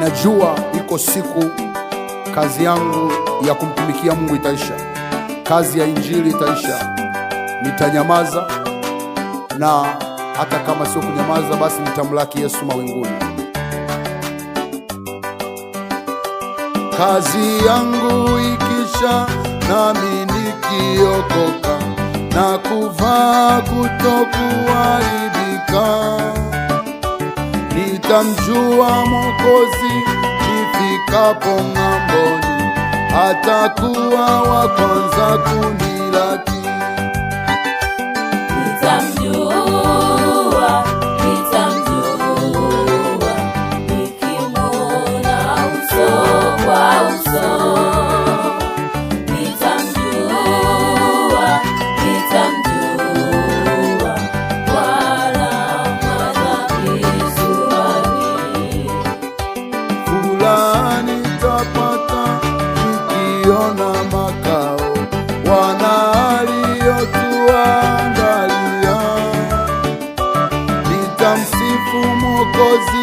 Ninajua iko siku kazi yangu ya kumtumikia Mungu itaisha, kazi ya injili itaisha. Nitanyamaza, na hata kama sio kunyamaza, basi nitamlaki Yesu mawinguni. Kazi yangu ikisha, nami nikiokoka na kuvaa kutokuaibika nitamjua Mwokozi ifikapo ng'amboni, atakuwa wa kwanza kunilaki. Nitamjua yasiyo na makao, wanaliotuangalia, nitamsifu Mwokozi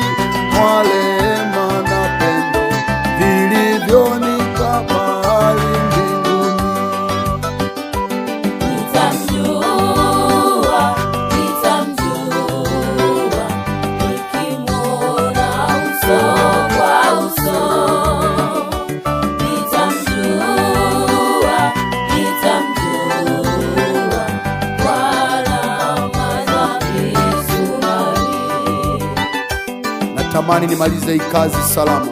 Natamani nimalize hii kazi salama.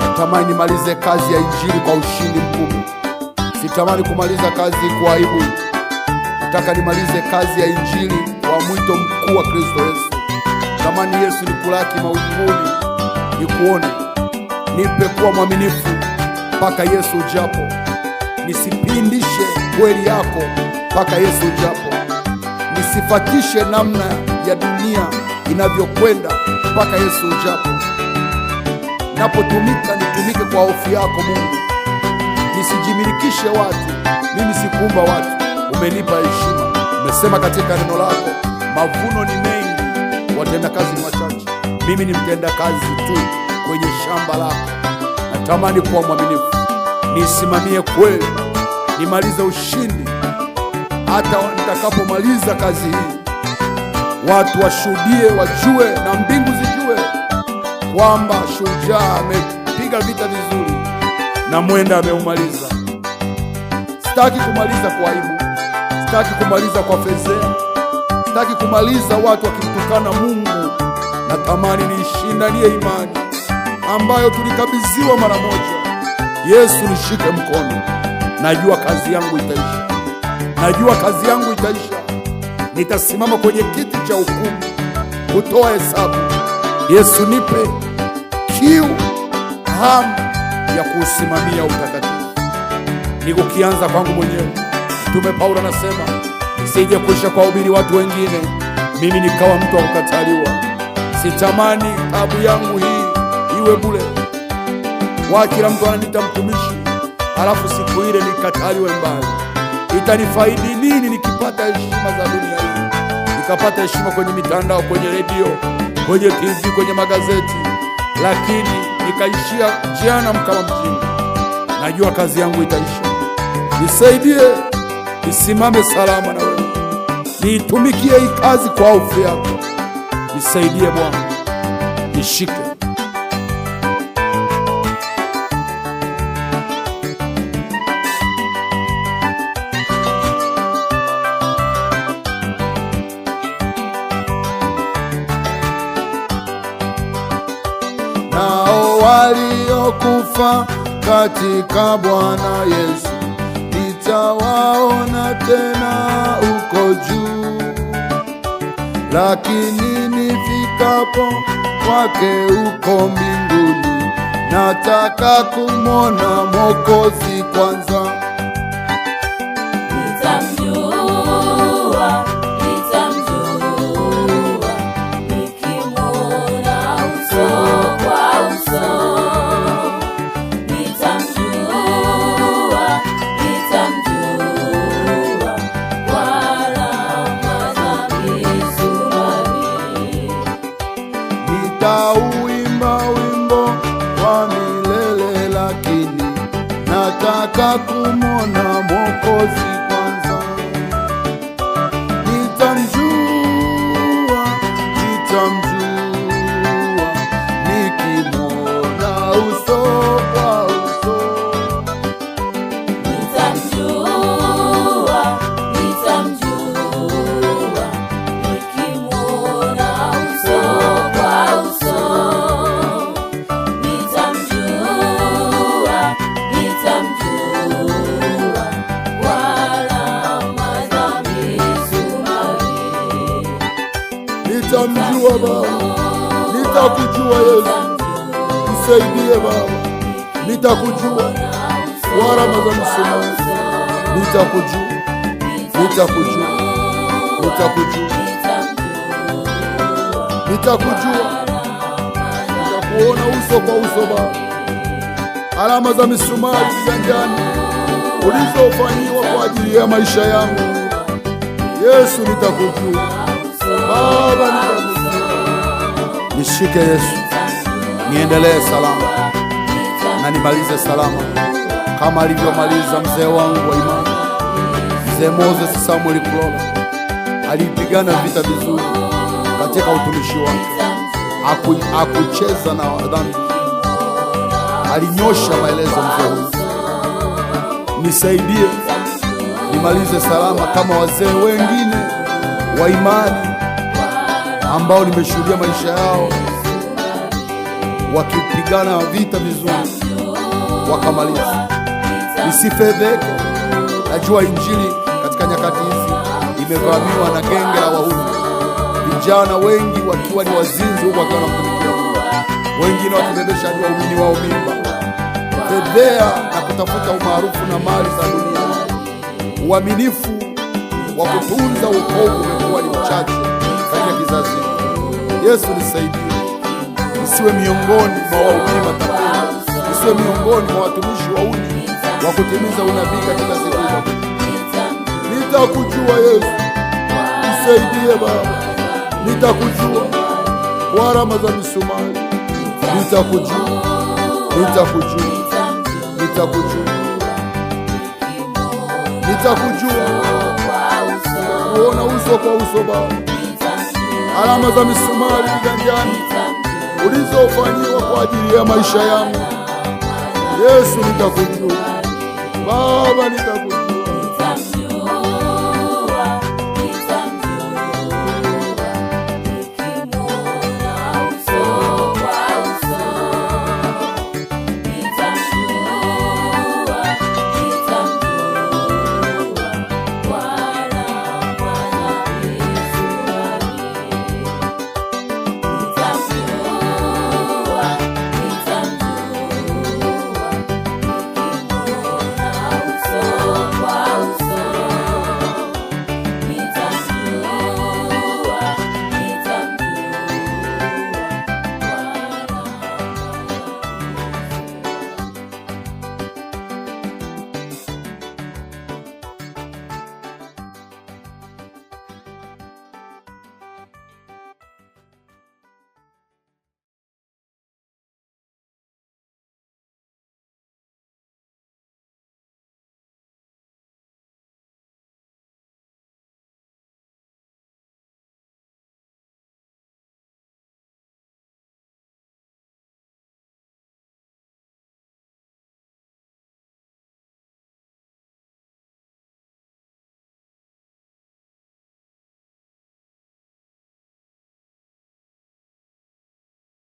Natamani nimalize kazi ya injili kwa ushindi mkubwa. Sitamani kumaliza kazi kwa aibu. Nataka nimalize kazi ya injili kwa mwito mkuu wa Kristo Yesu. tamani Yesu nikulaki mauguni, nikuone, nipe kuwa mwaminifu mpaka Yesu ujapo, nisipindishe kweli yako mpaka Yesu ujapo, nisifatishe namna ya dunia inavyokwenda mpaka Yesu ujapo. Napotumika nitumike kwa hofu yako Mungu, nisijimilikishe watu. Mimi sikuumba watu, umenipa heshima. Umesema katika neno lako, mavuno ni mengi, watenda kazi ni wachache. Mimi ni mtenda kazi tu kwenye shamba lako. Natamani kuwa mwaminifu, nisimamie kweli, nimalize ushindi, hata nitakapomaliza kazi hii watu washuhudie, wajue na mbingu kwamba shujaa amepiga vita vizuri na mwenda ameumaliza. Sitaki kumaliza kwa aibu, sitaki kumaliza kwa fezea, sitaki kumaliza watu wakimtukana Mungu. Natamani niishindanie imani ambayo tulikabidhiwa mara moja. Yesu, nishike mkono. Najua kazi yangu itaisha, najua kazi yangu itaisha. Nitasimama kwenye kiti cha hukumu kutoa hesabu. Yesu, nipe kiu, hamu ya kuusimamia utakatifu. Niko kianza kwangu mwenyewe. Mtume Paulo anasema sije kuisha ubiri watu wengine, mimi nikawa mtu wa kukataliwa. Sitamani tabu yangu hii iwe bure, wa kila mtu ananiita mtumishi, alafu siku ile nikataliwe mbali. Itanifaidi nini nikipata heshima za dunia hii, nikapata heshima kwenye mitandao, kwenye redio kwenye TV, kwenye magazeti, lakini nikaishia jana mkama mjini Najua kazi yangu itaisha. Nisaidie nisimame salama na wewe, niitumikie hii kazi kwa hofu yako. Nisaidie Bwana, nishike waliokufa katika Bwana Yesu, nitawaona tena uko juu. Lakini nifikapo kwake uko mbinguni, nataka kumwona Mwokozi kwanza. nitakujua Yesu, nisaidie Baba, nitakujua gharama za nitakujua, nitakujua, nitakujua, nitakujua, nitakuona uso kwa uso Baba, alama za misumari zanjani ulizofanyiwa kwa ajili ya maisha yangu Yesu, nitakujua Baba, nitakujua Nishike Yesu, niendelee salama na nimalize salama kama alivyomaliza mzee wangu wa imani, mzee Moses Samuel Kulola. Alipigana vita vizuri katika utumishi wake, hakucheza na dhambi, alinyosha maelezo. Mzee huyu, nisaidie nimalize salama kama wazee wengine wa imani ambao nimeshuhudia maisha yao wakipigana vita vizuri wakamaliza. Nisifedheke, najua injili katika nyakati hizi imevamiwa na genge la wahuni, vijana wengi wakiwa ni wazinzi, huku wakiwa wanamtumikia Mungu, wengine wakibebesha waumini wao mimba. Fedhea na kutafuta umaarufu na mali za dunia, uaminifu wa kutunza ukovu umekuwa ni mchache katika kizazi Yesu nisaidie, nisiwe miongoni mwa waumini matapeli, nisiwe miongoni mwa watumishi uni wa kutimiza unabii katika siku hizo. Nitakujua Yesu, nisaidie Baba, nitakujua kwa alama za misumari, nitakujua, nitakujua, nitakujua, nitakujua, kuona uso kwa uso Baba alama za misumari viganjani ulizofanyiwa kwa ajili ya maisha yangu. Yesu, nitakujua Baba, nitakujua